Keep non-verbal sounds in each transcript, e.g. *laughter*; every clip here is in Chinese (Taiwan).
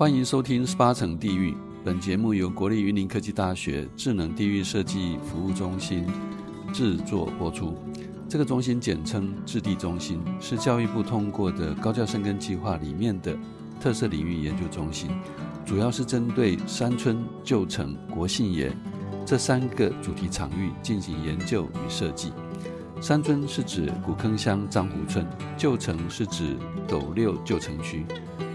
歡迎收聽《十八層地域》。本節目由國立雲林科技大學智能地域設計服務中心制作播出。這個中心簡稱“智地中心”，是教育部通過的高教深耕計劃裡面的特色領域研究中心，主要是針對山村、舊城、國姓爺這三個主題場域進行研究與設計。山村是指古坑鄉樟湖村，舊城是指斗六舊城區。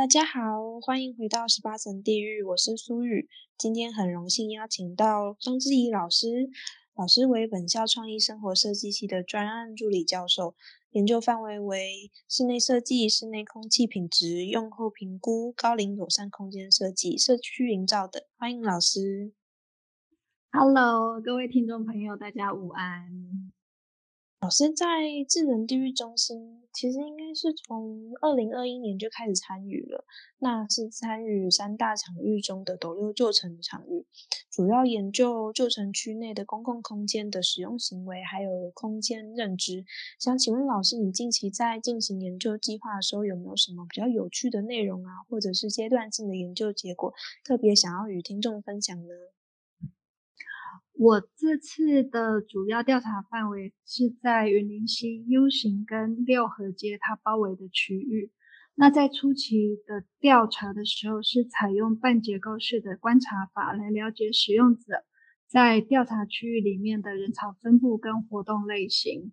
大家好，歡迎回到十八層地獄，我是蘇玉。今天很榮幸邀請到張之怡老師，老師為本校創意生活設計系的專案助理教授，研究範圍為室內設計、室內空氣品質、用後評估、高齡友善空間設計、社區營造等。歡迎老師。Hello，各位聽眾朋友，大家午安。老師在智能地域中心，其實應該是從二零二一年就開始參與了，那是參與三大場域中的斗六舊城場域，主要研究舊城區內的公共空間的使用行為，還有空間認知。想請問老師，你近期在進行研究計劃的時候，有沒有什麼比較有趣的內容啊，或者是階段性的研究結果，特別想要與聽眾分享呢？我這次的主要調查範圍是在雲林溪 U 型跟六合街它包圍的區域。那在初期的調查的時候，是採用半結構式的觀察法來了解使用者在調查區域裡面的人潮分布跟活動類型，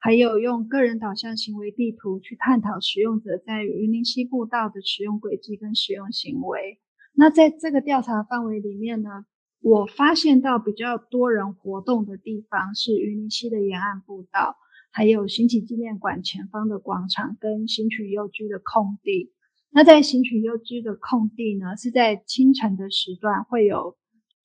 還有用個人導向行為地圖去探討使用者在雲林溪步道的使用軌跡跟使用行為。那在這個調查範圍裡面呢，我發現到比較多人活動的地方是雲林溪的沿岸步道，還有行啟紀念館前方的廣場跟行啟悠居的空地。那在行啟悠居的空地呢，是在清晨的時段會有，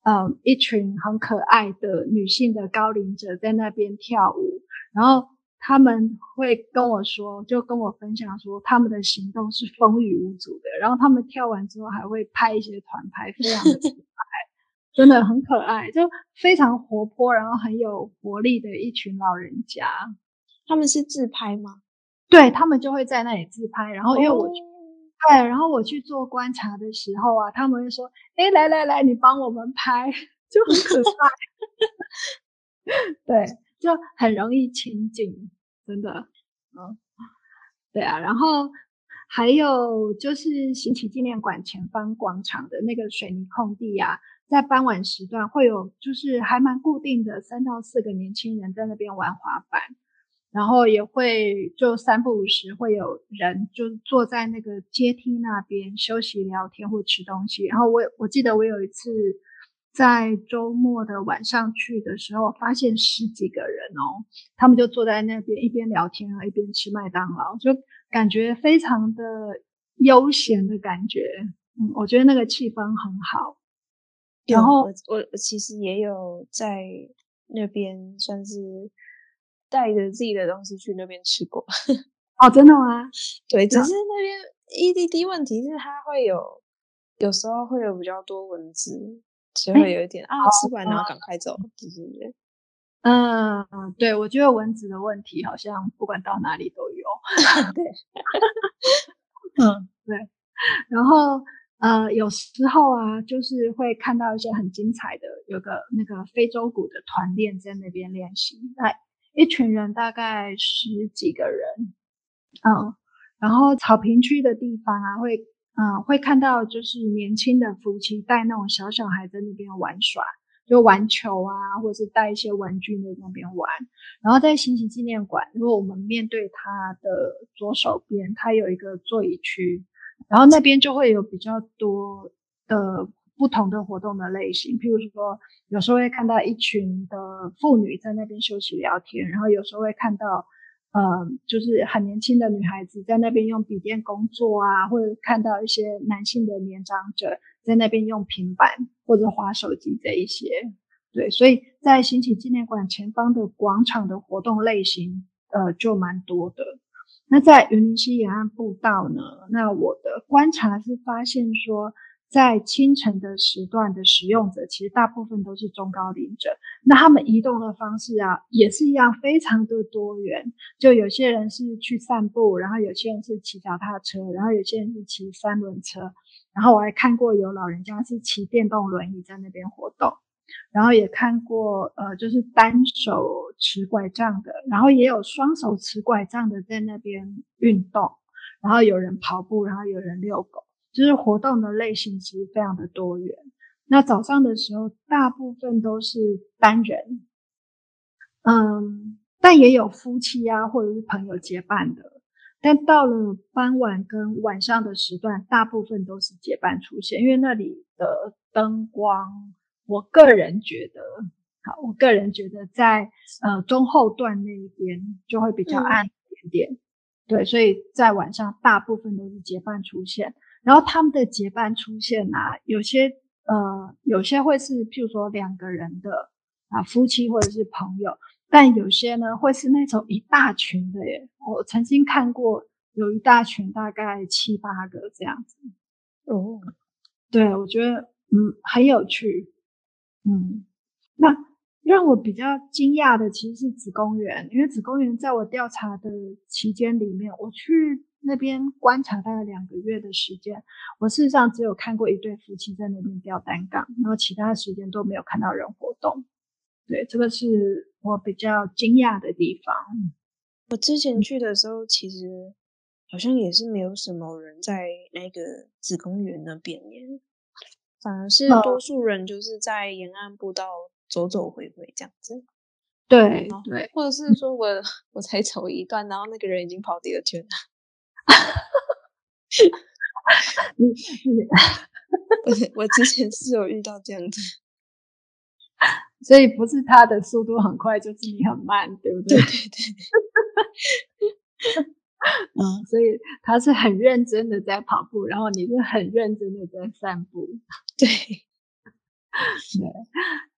呃，一群很可愛的女性的高齡者在那邊跳舞。然後他們會跟我說，就跟我分享說，他們的行動是風雨無阻的。然後他們跳完之後還會拍一些團拍，非常的可愛。 *laughs* 真的很可愛，就非常活潑，然後很有活力的一群老人家。他們是自拍嗎？對他們就會在那裡自拍，然後因為我去、oh.，然後我去做觀察的時候啊，他們會說：“哎、欸，來來來，你幫我們拍，就很可愛。 *laughs* ” *laughs* 對，就很容易親近，真的，嗯，對啊。然後還有就是行啟紀念館前方廣場的那個水泥空地啊。在傍晚時段，會有就是還蠻固定的三到四個年輕人在那邊玩滑板，然後也會就三不五時會有人就坐在那個階梯那邊休息、聊天或吃東西。然後我我記得我有一次在周末的晚上去的時候，發現十幾個人哦，他們就坐在那邊一邊聊天啊，一邊吃麥當勞，就感覺非常的悠閒的感覺。嗯，我覺得那個氣氛很好。然後、嗯、我我其實也有在那邊算是帶着自己的東西去那邊吃過哦，真的嗎？ *laughs* 對，只是那邊 E D D 問題是它會有有時候會有比較多蚊子，就會有一點啊，吃、欸、完然後趕快走，哦，就是不是？嗯，對，我覺得蚊子的問題好像不管到哪裡都有。 *laughs* 對，嗯，對，然後。呃，有時候啊，就是會看到一些很精彩的，有個那個非洲鼓的團練在那邊練習，哎，一群人，大概十幾個人，嗯，然後草坪區的地方啊，會、嗯，會看到就是年輕的夫妻帶那種小小孩在那邊玩耍，就玩球啊，或是帶一些玩具在那邊玩。然後在行啟紀念館，如果我們面對他的左手邊，他有一個座椅區。然後那邊就會有比較多的不同的活動的類型，譬如說，有時候會看到一群的婦女在那邊休息聊天，然後有時候會看到，呃，就是很年輕的女孩子在那邊用筆電工作啊，或者看到一些男性的年長者在那邊用平板或者滑手機這一些，對，所以在行啟紀念館前方的廣場的活動類型，呃，就蠻多的。那在雲林溪沿岸步道呢？那我的觀察是發現說，在清晨的時段的使用者，其實大部分都是中高齡者。那他們移動的方式啊，也是一樣非常的多元。就有些人是去散步，然後有些人是騎腳踏車，然後有些人是騎三輪車，然後我還看過有老人家是騎電動輪椅在那邊活動。然後也看過，呃，就是單手持拐杖的，然後也有雙手持拐杖的在那邊運動，然後有人跑步，然後有人遛狗，就是活動的類型其實非常的多元。那早上的時候，大部分都是單人，嗯，但也有夫妻啊或者是朋友結伴的。但到了傍晚跟晚上的時段，大部分都是結伴出現，因為那裡的燈光，我個人覺得，好，我個人覺得在呃中後段那一邊就會比較暗一點點，嗯，對，所以在晚上大部分都是結伴出現，然後他們的結伴出現啊，有些呃有些會是譬如說兩個人的啊夫妻或者是朋友，但有些呢會是那種一大群的耶，我曾經看過有一大群大概七八個這樣子，哦，對，我覺得嗯很有趣。嗯，那讓我比較驚訝的其實是子公園，因為子公園在我調查的期間裡面，我去那邊觀察大概兩個月的時間，我事實上只有看過一對夫妻在那邊吊單槓，然後其他的時間都沒有看到人活動。對，這個是我比較驚訝的地方。我之前去的時候，其實好像也是沒有什麼人在那個子公園那邊。反而是多數人就是在沿岸步道走走回回這樣子，嗯、對對，或者是說我我才走一段，然後那個人已經跑第二圈了。 *laughs* *laughs* *laughs* 我我之前是有遇到這樣子，所以不是他的速度很快，就是你很慢，對不對？對對對。 *laughs* 嗯，所以他是很認真的在跑步，然後你是很認真的在散步。嗯、對， *laughs* 對。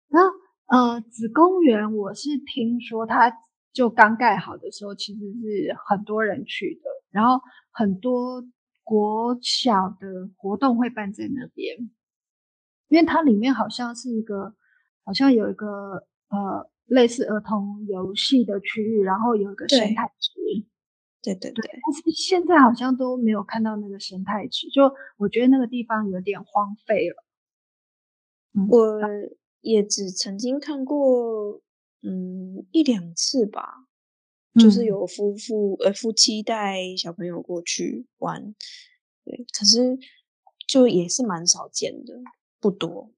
然後呃，子公園我是聽說，它就剛蓋好的時候，其實是很多人去的，然後很多國小的活動會辦在那邊，因為它裡面好像是一個，好像有一個呃類似兒童遊戲的區域，然後有一個生態池。對對對，對，但是現在好像都沒有看到那個生態區，就我覺得那個地方有點荒廢了。嗯，我也只曾經看過，嗯，一兩次吧，就是有夫婦呃夫妻帶小朋友過去玩，對，可是就也是蠻少見的，不多。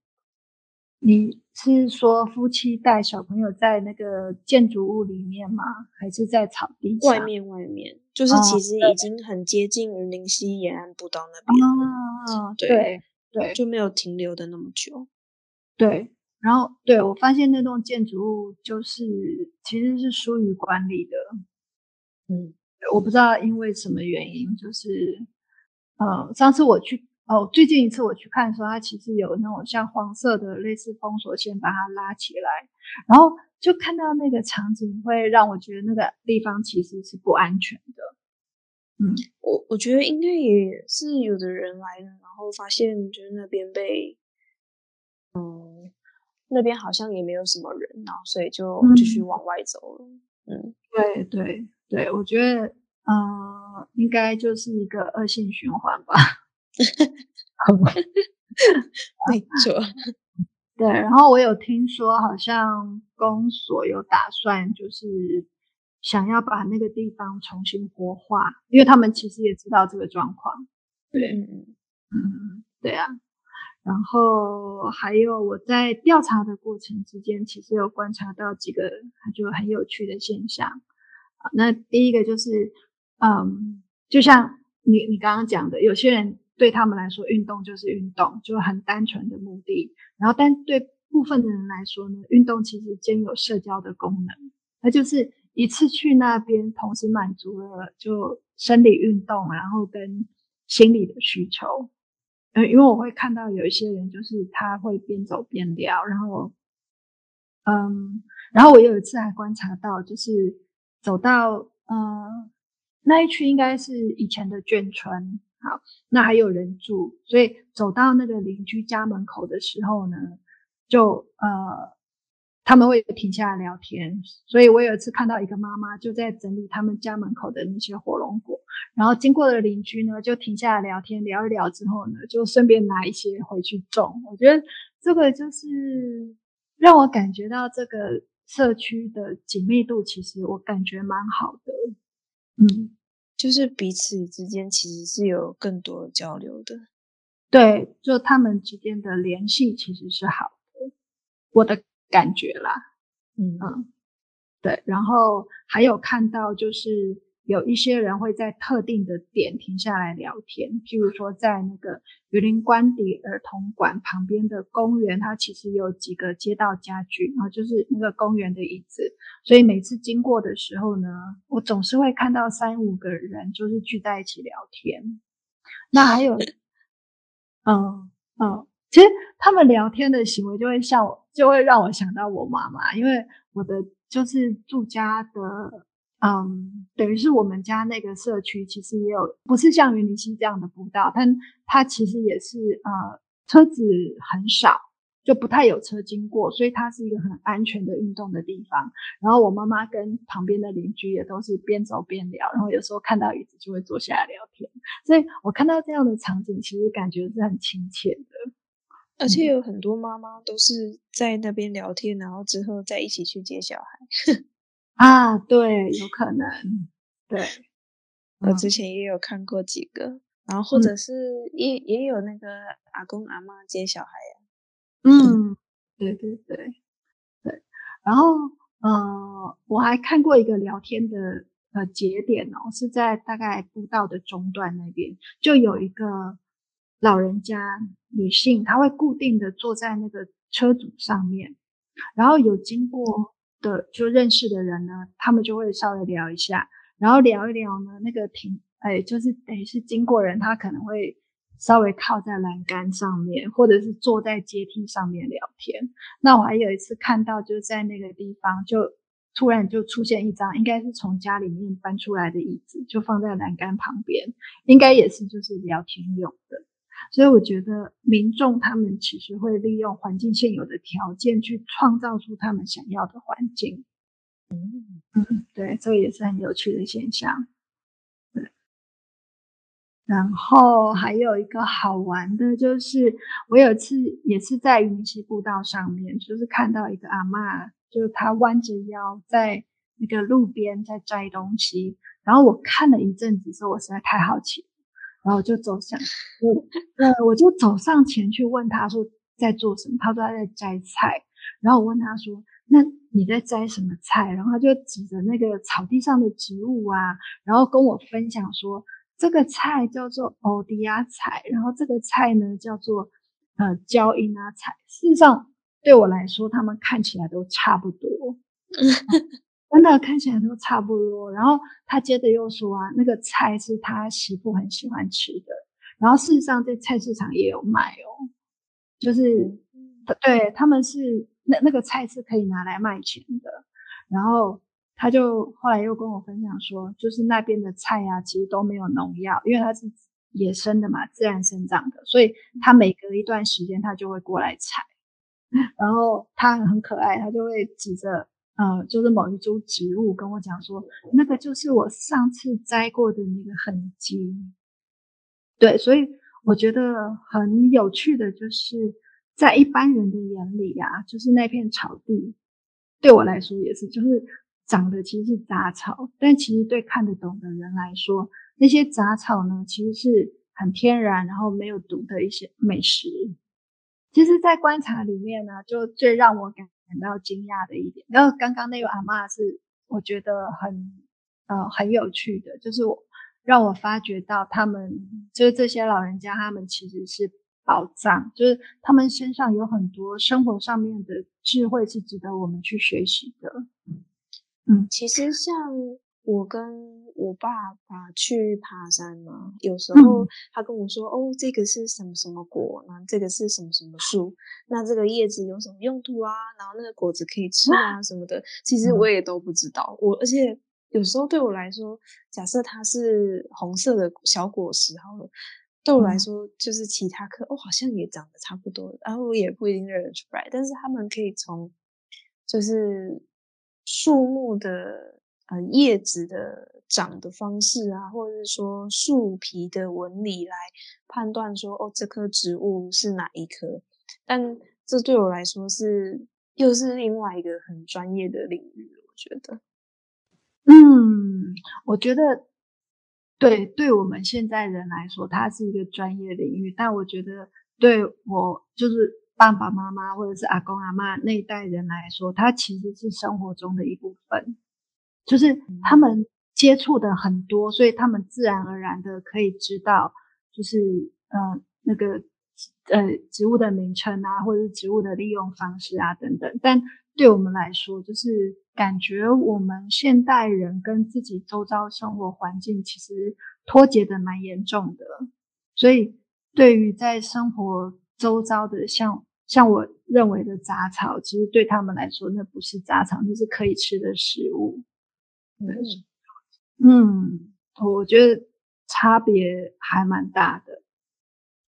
你是說夫妻帶小朋友在那個建築物裡面嗎？還是在草地外面？外面，外面，就是其實已經很接近雲林溪沿岸步道那邊了。啊、對對，對，就沒有停留的那麼久。對，然後對我發現那棟建築物就是其實是疏於管理的。嗯，我不知道因為什麼原因，就是啊、呃，上次我去。哦、oh，最近一次我去看的時候，它其實有那種像黃色的類似封鎖線把它拉起來，然後就看到那個場景會讓我覺得那個地方其實是不安全的。嗯，我我覺得應該也是有的人來了，然後發現就是那邊被，嗯，那邊好像也沒有什麼人，然後所以就繼續往外走了。嗯，嗯對對對，我覺得嗯、呃、應該就是一個惡性循環吧。沒 *laughs* 對 *laughs* 錯，對。然後我有聽說，好像公所有打算，就是想要把那個地方重新活化，因為他們其實也知道這個狀況。對，嗯，對啊。然後還有我在調查的過程之間，其實有觀察到幾個就很有趣的現象。那第一個就是，嗯，就像你你剛剛講的，有些人。對他們來說，運動就是運動，就很單純的目的。然後，但對部分的人來說呢，運動其實兼有社交的功能。那就是一次去那邊，同時滿足了就生理運動，然後跟心理的需求。嗯，因為我會看到有一些人，就是他會邊走邊聊，然後，嗯，然後我有一次還觀察到，就是走到嗯那一區，應該是以前的眷村。好，那還有人住，所以走到那個鄰居家門口的時候呢，就呃他們會停下來聊天。所以我有一次看到一個媽媽就在整理他們家門口的那些火龍果，然後經過的鄰居呢就停下來聊天，聊一聊之後呢，就順便拿一些回去種。我覺得這個就是讓我感覺到這個社區的緊密度，其實我感覺蠻好的。嗯。就是彼此之間其實是有更多交流的，對，就他們之間的聯繫其實是好的，我的感覺啦，嗯嗯，對，然後還有看到就是，有一些人會在特定的點停下來聊天，譬如說在那個雲林官邸兒童館旁邊的公園，它其實有幾個街道家具，然後就是那個公園的椅子，所以每次經過的時候呢，我總是會看到三五個人就是聚在一起聊天。那還有，嗯嗯，其實他們聊天的行為就會像，就會讓我想到我媽媽，因為我的就是住家的。嗯，等於是我們家那個社區其實也有，不是像雲林溪這樣的步道，但它其實也是呃車子很少，就不太有車經過，所以它是一個很安全的運動的地方。然後我媽媽跟旁邊的鄰居也都是邊走邊聊，然後有時候看到椅子就會坐下來聊天。所以我看到這樣的場景，其實感覺是很親切的。而且有很多媽媽都是在那邊聊天，然後之後再一起去接小孩。 *laughs* 啊，對，有可能，對，我之前也有看過幾個，然後或者是也，嗯，也有那個阿公阿媽接小孩呀，啊，嗯，對對對對，然後，呃，我還看過一個聊天的呃節點哦，是在大概步道的中段那邊，就有一個老人家女性，她會固定的坐在那個車主上面，然後有經過。嗯的就認識的人呢，他們就會稍微聊一下，然後聊一聊呢，那個挺，哎，就是等於、哎、是經過人，他可能會稍微靠在欄杆上面，或者是坐在階梯上面聊天。那我還有一次看到，就是在那個地方，就突然就出現一張，應該是從家裡面搬出來的椅子，就放在欄杆旁邊，應該也是就是聊天用的。所以我覺得民眾他們其實會利用環境現有的條件，去創造出他們想要的環境。嗯，嗯對，這個也是很有趣的現象。對，然後還有一個好玩的就是，我有一次也是在雲林溪步道上面，就是看到一個阿嬤，就是她彎着腰在那個路邊在摘東西，然後我看了一陣子之後，我實在太好奇。然後我就走向，呃，我就走上前去問他說在做什麼，他說他在摘菜。然後我問他說，那你在摘什麼菜？然後他就指着那個草地上的植物啊，然後跟我分享說，這個菜叫做歐迪亞菜，然後這個菜呢叫做，呃，焦英啊菜。事實上，對我來說，他們看起來都差不多。 *laughs* 真的看起來都差不多。然後他接着又說啊，那個菜是他媳婦很喜歡吃的。然後事實上在菜市場也有賣哦，就是對他們是那那個菜是可以拿來賣錢的。然後他就後來又跟我分享說，就是那邊的菜啊，其實都沒有農藥，因為它是野生的嘛，自然生長的，所以他每隔一段時間他就會過來採。然後他很，很可愛，他就會指着。呃，就是某一株植物跟我講說，那個就是我上次摘過的那個痕跡。對，所以我覺得很有趣的就是，在一般人的眼裡啊，就是那片草地，對我來說也是，就是長的其實是雜草，但其實對看得懂的人來說，那些雜草呢，其實是很天然，然後沒有毒的一些美食。其實，在觀察裡面呢，就最讓我感。感到驚訝的一點，然後剛剛那位阿嬤是我覺得很呃、很有趣的，就是我讓我發覺到他們就是這些老人家，他們其實是寶藏，就是他們身上有很多生活上面的智慧是值得我們去學習的。嗯，其實像。我跟我爸爸去爬山嘛，有時候他跟我說、嗯：“哦，這個是什麼什麼果？然後這個是什麼什麼樹？那這個葉子有什麼用途啊？然後那個果子可以吃啊什麼的。”其實我也都不知道。嗯、我而且有時候對我來說，假設它是紅色的小果實，然後對我來說就是其他科、嗯、哦，好像也長得差不多，然後我也不一定認出來。但是他們可以從就是樹木的。呃，葉子的長的方式啊，或者是說樹皮的紋理來判斷說，哦，這棵植物是哪一棵。但這對我來說是又是另外一個很專業的領域，我覺得，嗯，我覺得對，對我們現在人來說，它是一個專業領域。但我覺得對我就是爸爸媽媽或者是阿公阿嬤那一代人來說，它其實是生活中的一部分。就是他們接觸的很多，所以他們自然而然的可以知道，就是嗯、呃、那個呃植物的名稱啊，或者是植物的利用方式啊等等。但對我們來說，就是感覺我們現代人跟自己周遭生活環境其實脫節的蠻嚴重的。所以對於在生活周遭的像像我認為的雜草，其實對他們來說，那不是雜草，那是可以吃的食物。嗯，我覺得差別還蠻大的，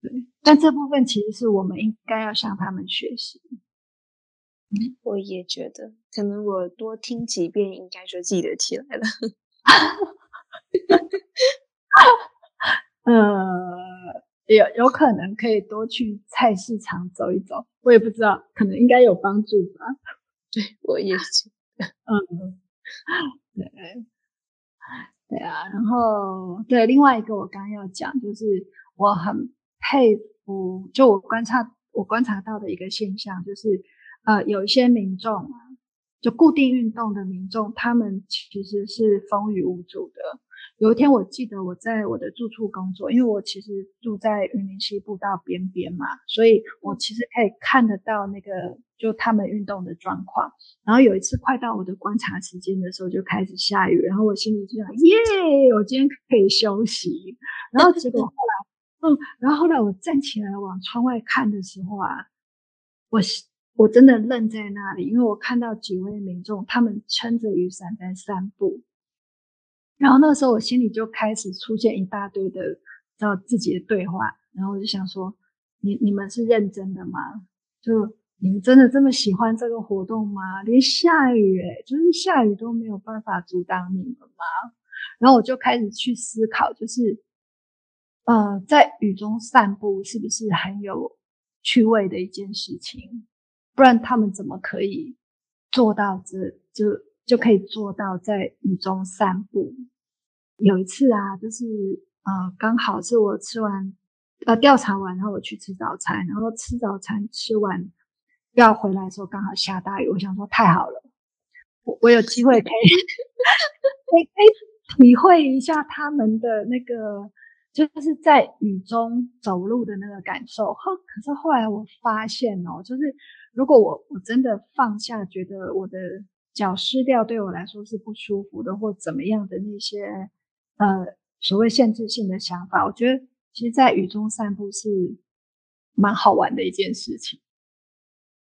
對，但這部分其實是我們應該要向他們學習，嗯。我也覺得，可能我多聽幾遍應該就記得起來了。 *laughs* *laughs* 呃，有有可能可以多去菜市場走一走，我也不知道，可能應該有幫助吧。對，我也覺得， *laughs* 嗯。 *laughs* 對，對啊，然後對另外一個，我剛剛要講，就是我很佩服，就我觀察，我觀察到的一個現象，就是呃，有一些民眾啊，就固定運動的民眾，他們其實是風雨無阻的。有一天，我記得我在我的住處工作，因為我其實住在雲林溪步道邊邊嘛，所以我其實可以看得到那個就他們運動的狀況。然後有一次快到我的觀察時間的時候，就開始下雨，然後我心裡就想耶，我今天可以休息。然後結果後來，嗯，然後後來我站起來往窗外看的時候啊，我我真的愣在那裡，因為我看到幾位民眾他們撐着雨傘在散步。然後那時候我心裡就開始出現一大堆的叫自己的對話，然後我就想說：“你你們是認真的嗎？就你們真的這麼喜歡這個活動嗎？連下雨哎，就是下雨都沒有辦法阻擋你們嗎？”然後我就開始去思考，就是，呃，在雨中散步是不是很有趣味的一件事情？不然他們怎麼可以做到這就？就可以做到在雨中散步。有一次啊，就是呃，剛好是我吃完呃調查完，然後我去吃早餐，然後吃早餐吃完要回來的時候，剛好下大雨。我想說太好了，我，我有機會可以， *laughs* 可以，可以體會一下他們的那個，就是在雨中走路的那個感受。哈，可是後來我發現哦，就是如果我我真的放下，覺得我的。腳濕掉對我來說是不舒服的，或怎麼樣的那些，呃，所謂限制性的想法，我覺得其實在雨中散步是蠻好玩的一件事情。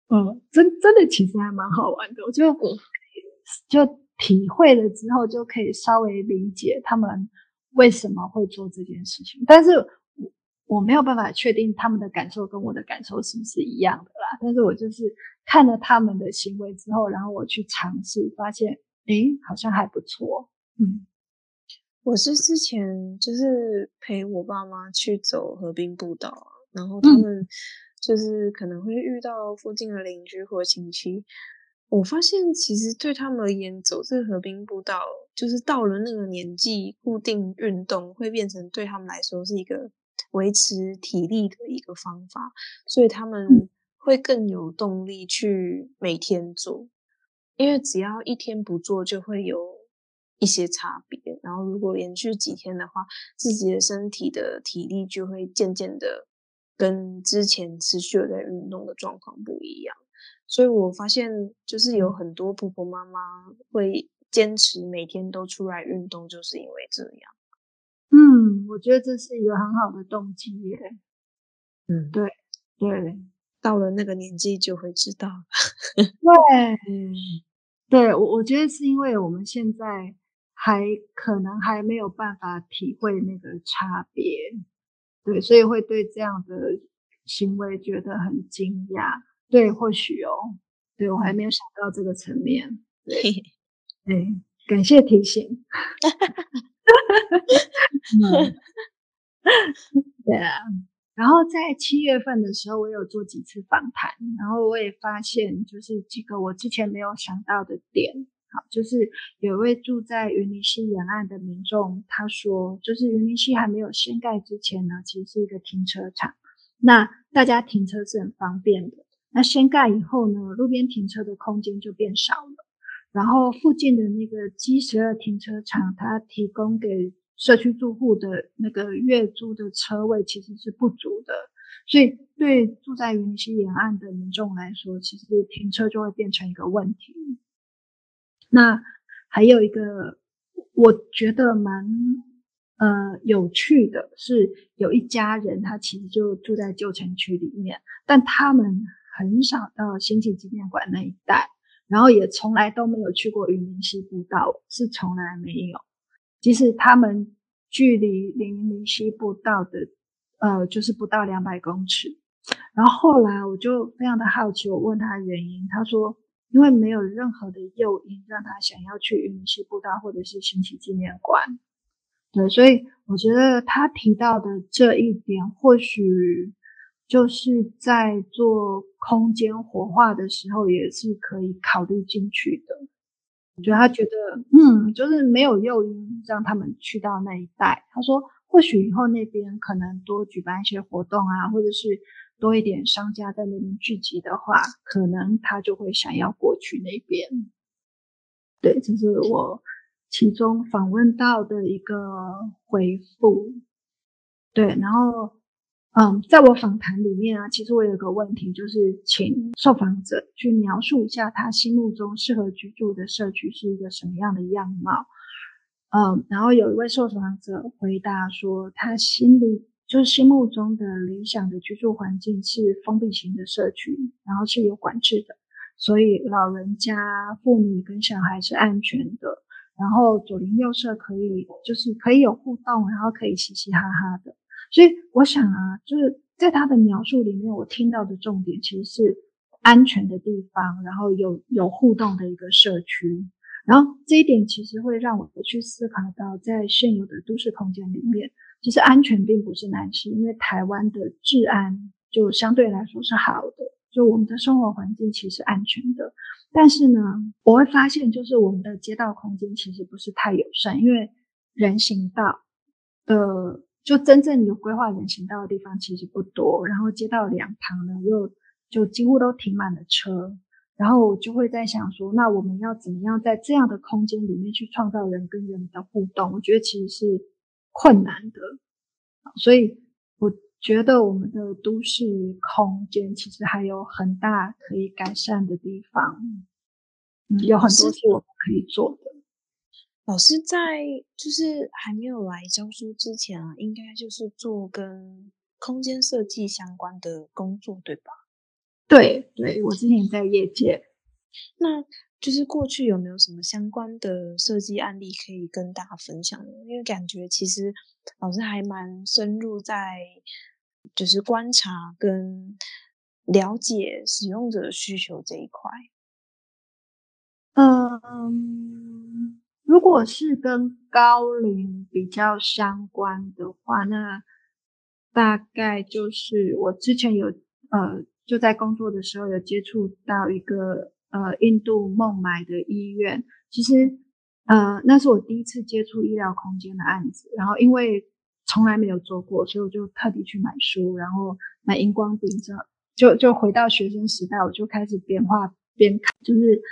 嗯，真的真的其實還蠻好玩的，我覺得我就就體會了之後就可以稍微理解他們為什麼會做這件事情，但是。我沒有辦法確定他們的感受跟我的感受是不是一樣的啦，但是我就是看了他們的行為之後，然後我去嘗試，發現，哎，好像還不錯。嗯，我是之前就是陪我爸媽去走河濱步道，然後他們就是可能會遇到附近的鄰居或親戚，嗯，我發現其實對他們而言，走這個河濱步道，就是到了那個年紀，固定運動會變成對他們來說是一個。維持體力的一個方法，所以他們會更有動力去每天做，因為只要一天不做，就會有一些差別。然後如果連續幾天的話，自己的身體的體力就會漸漸的跟之前持續在運動的狀況不一樣。所以我發現，就是有很多婆婆媽媽會堅持每天都出來運動，就是因為這樣。嗯，我覺得這是一個很好的動機耶、欸。嗯，對對，到了那個年紀就會知道了。 *laughs* 對，對我我覺得是因為我們現在還可能還沒有辦法體會那個差別，對，所以會對這樣的行為覺得很驚訝。對，或許哦，對，我還沒有想到這個層面。對， *laughs* 對，感謝提醒。 *laughs* 哈哈，嗯，對啊。然後在七月份的時候，我有做幾次訪談，然後我也發現就是幾個我之前沒有想到的點。好，就是有位住在雲林溪沿岸的民眾，他說，就是雲林溪還沒有掀蓋之前呢，其實是一個停車場，那大家停車是很方便的。那掀蓋以後呢，路邊停車的空間就變少了。然後附近的那個 G 十二停車場，它提供給社區住戶的那個月租的車位其實是不足的，所以對住在雲溪沿岸的民眾來說，其實停車就會變成一個問題。那還有一個我覺得蠻呃有趣的，是有一家人他其實就住在舊城區裡面，但他們很少到行啟紀念館那一帶。然後也從來都沒有去過雲林溪步道，是從來沒有。即使他們距離雲林溪步道的，呃，就是不到兩百公尺。然後後來我就非常的好奇，我問他原因，他說因為沒有任何的誘因讓他想要去雲林溪步道或者是行啟紀念館。對，所以我覺得他提到的這一點，或許就是在做。空間活化的時候也是可以考慮進去的。我覺得他覺得，嗯，就是沒有誘因讓他們去到那一帶。他說，或許以後那邊可能多舉辦一些活動啊，或者是多一點商家在那邊聚集的話，可能他就會想要過去那邊。對，這是我其中訪問到的一個回覆。對，然後。嗯，在我訪談裡面啊，其實我有個問題，就是請受訪者去描述一下他心目中適合居住的社區是一個什麼樣的樣貌。嗯，然後有一位受訪者回答說，他心裡就是心目中的理想的居住環境是封閉型的社區，然後是有管制的，所以老人家、婦女跟小孩是安全的，然後左鄰右舍可以就是可以有互動，然後可以嘻嘻哈哈的。所以我想啊，就是在他的描述裡面，我聽到的重點其實是安全的地方，然後有有互動的一個社區，然後這一點其實會讓我的去思考到，在現有的都市空間裡面，其實安全並不是難事，因為台灣的治安就相對來說是好的，就我們的生活環境其實安全的，但是呢，我會發現就是我們的街道空間其實不是太友善，因為人行道的。呃就真正有規劃人行道的地方其實不多，然後街道兩旁呢又就幾乎都停滿了車，然後我就會在想說，那我們要怎麼樣在這樣的空間裡面去創造人跟人的互動？我覺得其實是困難的，所以我覺得我們的都市空間其實還有很大可以改善的地方，嗯，有很多是我們可以做的。老師在就是還沒有來教書之前啊，應該就是做跟空間設計相關的工作，對吧？對，對，我之前在業界，那就是過去有沒有什麼相關的設計案例可以跟大家分享呢？因為感覺其實老師還蠻深入在就是觀察跟了解使用者的需求這一塊，嗯。如果是跟高齡比較相關的話，那大概就是我之前有呃就在工作的時候有接觸到一個呃印度孟買的醫院，其實呃那是我第一次接觸醫療空間的案子，然後因為從來沒有做過，所以我就特地去買書，然後買熒光筆，這樣就就回到學生時代，我就開始邊畫邊看，就是。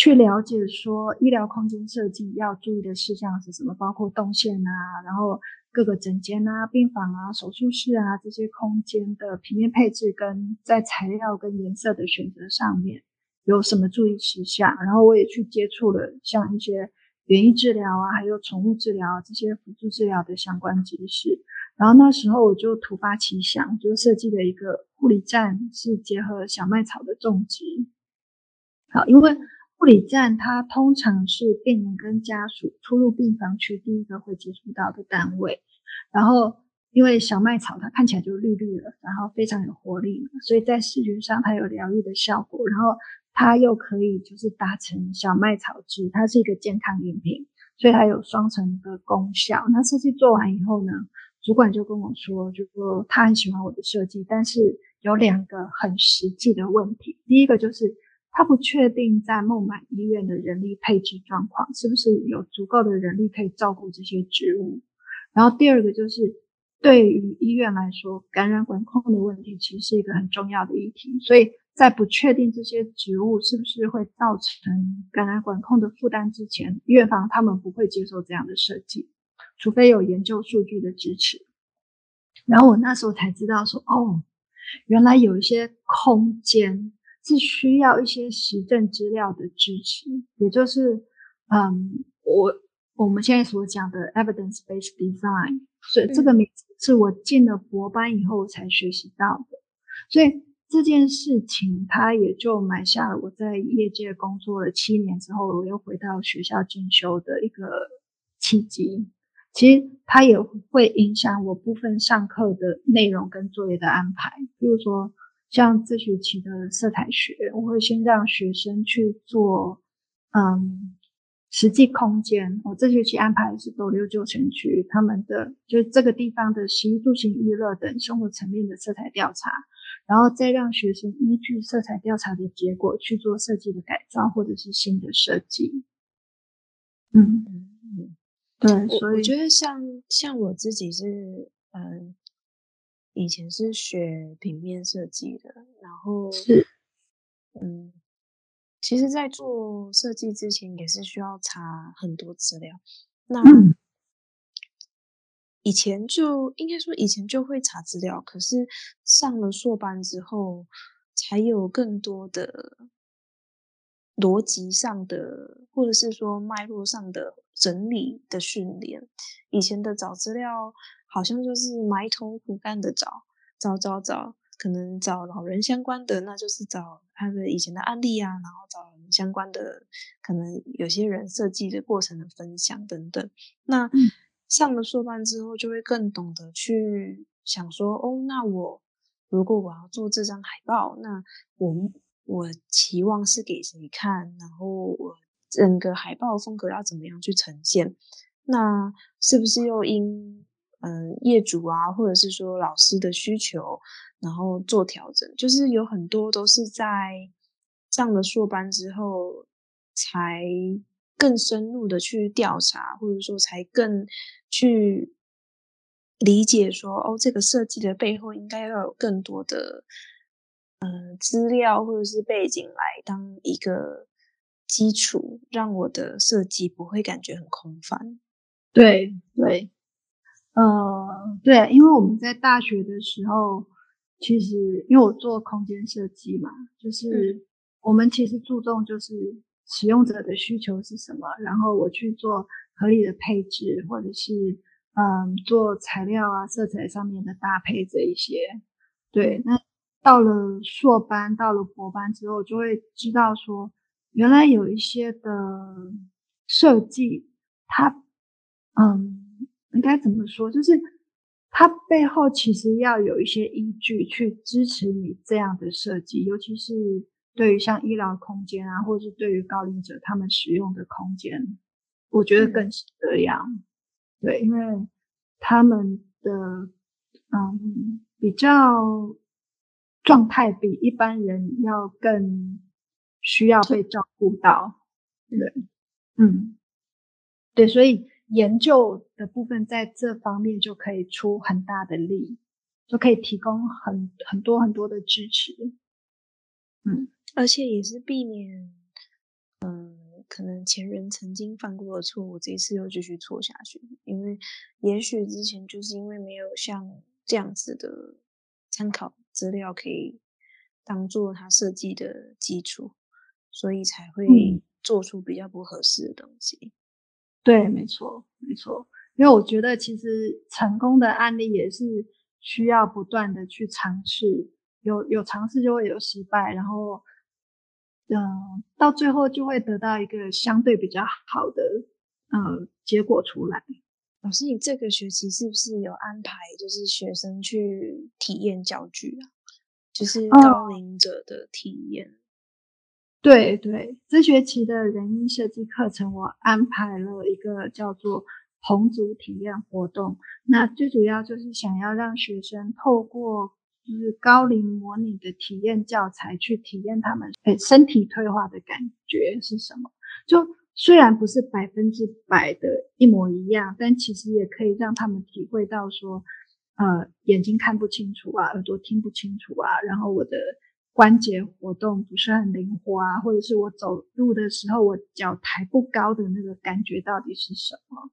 去了解說醫療空間設計要注意的事項是什麼，包括動線啊，然後各個診間啊、病房啊、手術室啊這些空間的平面配置，跟在材料跟顏色的選擇上面有什麼注意事項。然後我也去接觸了像一些園藝治療啊，還有寵物治療啊，這些輔助治療的相關知識。然後那時候我就突發奇想，就設計了一個護理站，是結合小麥草的種植。好，因為。護理站，它通常是病人跟家屬出入病房區第一個會接觸到的單位。然後，因為小麥草它看起來就綠綠的，然後非常有活力，所以在視覺上它有療癒的效果。然後，它又可以就是達成小麥草汁，它是一個健康飲品，所以它有雙層的功效。那設計做完以後呢，主管就跟我說，就說他很喜歡我的設計，但是有兩個很實際的問題。第一個就是。他不確定在孟買醫院的人力配置狀況是不是有足夠的人力可以照顧這些植物。然後第二個就是，對於醫院來說，感染管控的問題其實是一個很重要的議題。所以在不確定這些植物是不是會造成感染管控的負擔之前，院方他們不會接受這樣的設計，除非有研究數據的支持。然後我那時候才知道說，哦，原來有一些空間。是需要一些實證資料的支持，也就是，嗯，我我們現在所講的 Evidence-Based Design，所以這個名字是我進了博班以後才學習到的。所以這件事情，它也就埋下了我在業界工作了七年之後，我又回到學校進修的一個契機。其實它也會影響我部分上課的內容跟作業的安排，比如說。像這學期的色彩學，我會先讓學生去做，嗯，實際空間。我這學期安排是斗六舊城區，他們的就是這個地方的食衣住行娛樂等生活層面的色彩調查，然後再讓學生依據色彩調查的結果去做設計的改造或者是新的設計。嗯。嗯，對，所以我，我覺得像像我自己是，嗯、呃。以前是學平面設計的，然後是，嗯，其實，在做設計之前也是需要查很多資料。那、嗯、以前就應該說，以前就會查資料，可是上了碩班之後，才有更多的邏輯上的，或者是說脈絡上的整理的訓練。以前的找資料。好像就是埋頭苦幹的找找找找，可能找老人相關的，那就是找他的以前的案例啊，然後找人相關的，可能有些人設計的過程的分享等等。那上了碩班之後，就會更懂得去想說，哦，那我如果我要做這張海報，那我我期望是給誰看？然後我整個海報風格要怎麼樣去呈現？那是不是又因嗯，業主啊，或者是說老師的需求，然後做調整，就是有很多都是在上了碩班之後，才更深入的去調查，或者說才更去理解說哦，這個設計的背後應該要有更多的嗯、呃、資料或者是背景來當一個基礎，讓我的設計不會感覺很空泛。對，對。呃、嗯，對、啊，因為我們在大學的時候，其實因為我做空間設計嘛，就是我們其實注重就是使用者的需求是什麼，然後我去做合理的配置，或者是嗯做材料啊、色彩上面的搭配這一些。對，那到了碩班，到了博班之後，就會知道說，原來有一些的設計它，它嗯。應該怎麼說？就是他背後其實要有一些依據去支持你這樣的設計，尤其是對於像醫療空間啊，或者是對於高齡者他們使用的空間，我覺得更是這樣。嗯、對，因為他們的嗯比較狀態比一般人要更需要被照顧到。對，嗯，對，所以。研究的部分在這方面就可以出很大的力，就可以提供很很多很多的支持。嗯，而且也是避免，嗯，可能前人曾經犯過的錯誤，我這一次又繼續錯下去。因為也許之前就是因為沒有像這樣子的參考資料可以當做他設計的基礎，所以才會做出比較不合適的東西。嗯對，沒錯，沒錯。因為我覺得，其實成功的案例也是需要不斷的去嘗試，有有嘗試就會有失敗，然後，嗯、呃，到最後就會得到一個相對比較好的，呃，結果出來。老師，你這個學期是不是有安排，就是學生去體驗教具啊？就是高齡者的體驗。哦。對對，這學期的人因設計課程，我安排了一個叫做“同組體驗”活動。那最主要就是想要讓學生透過就是高齡模擬的體驗教材，去體驗他們誒身體退化的感覺是什麼。就雖然不是百分之百的一模一樣，但其實也可以讓他們體會到說，呃，眼睛看不清楚啊，耳朵聽不清楚啊，然後我的。關節活動不是很靈活啊，或者是我走路的時候，我腳抬不高的那個感覺到底是什麼？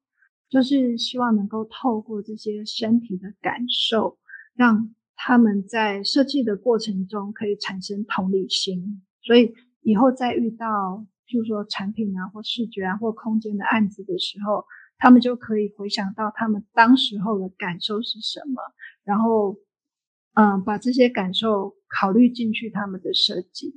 就是希望能夠透過這些身體的感受，讓他們在設計的過程中可以產生同理心。所以以後再遇到，譬如說產品啊，或視覺啊，或空間的案子的時候，他們就可以回想到他們當時候的感受是什麼，然後。嗯、呃，把這些感受考慮進去，他們的設計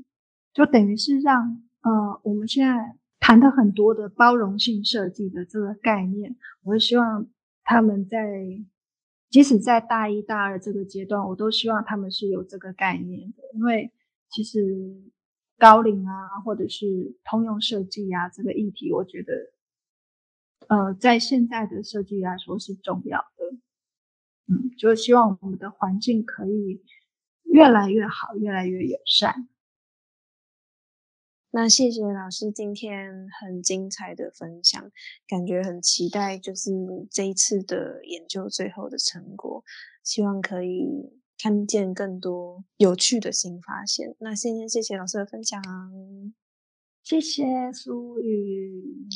就等於是讓呃，我們現在談的很多的包容性設計的這個概念，我都希望他們在即使在大一、大二這個階段，我都希望他們是有這個概念的，因為其實高齡啊，或者是通用設計啊，這個議題，我覺得呃，在現在的設計來說是重要的。嗯，就希望我們的環境可以越來越好，越來越友善。那謝謝老師今天很精彩的分享，感覺很期待就是這一次的研究最後的成果，希望可以看見更多有趣的新發現。那先謝謝老師的分享，謝謝蘇雨。